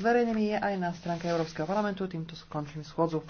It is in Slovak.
Zverejnený je aj na stránke Európskeho parlamentu. Týmto skončím schôdzu.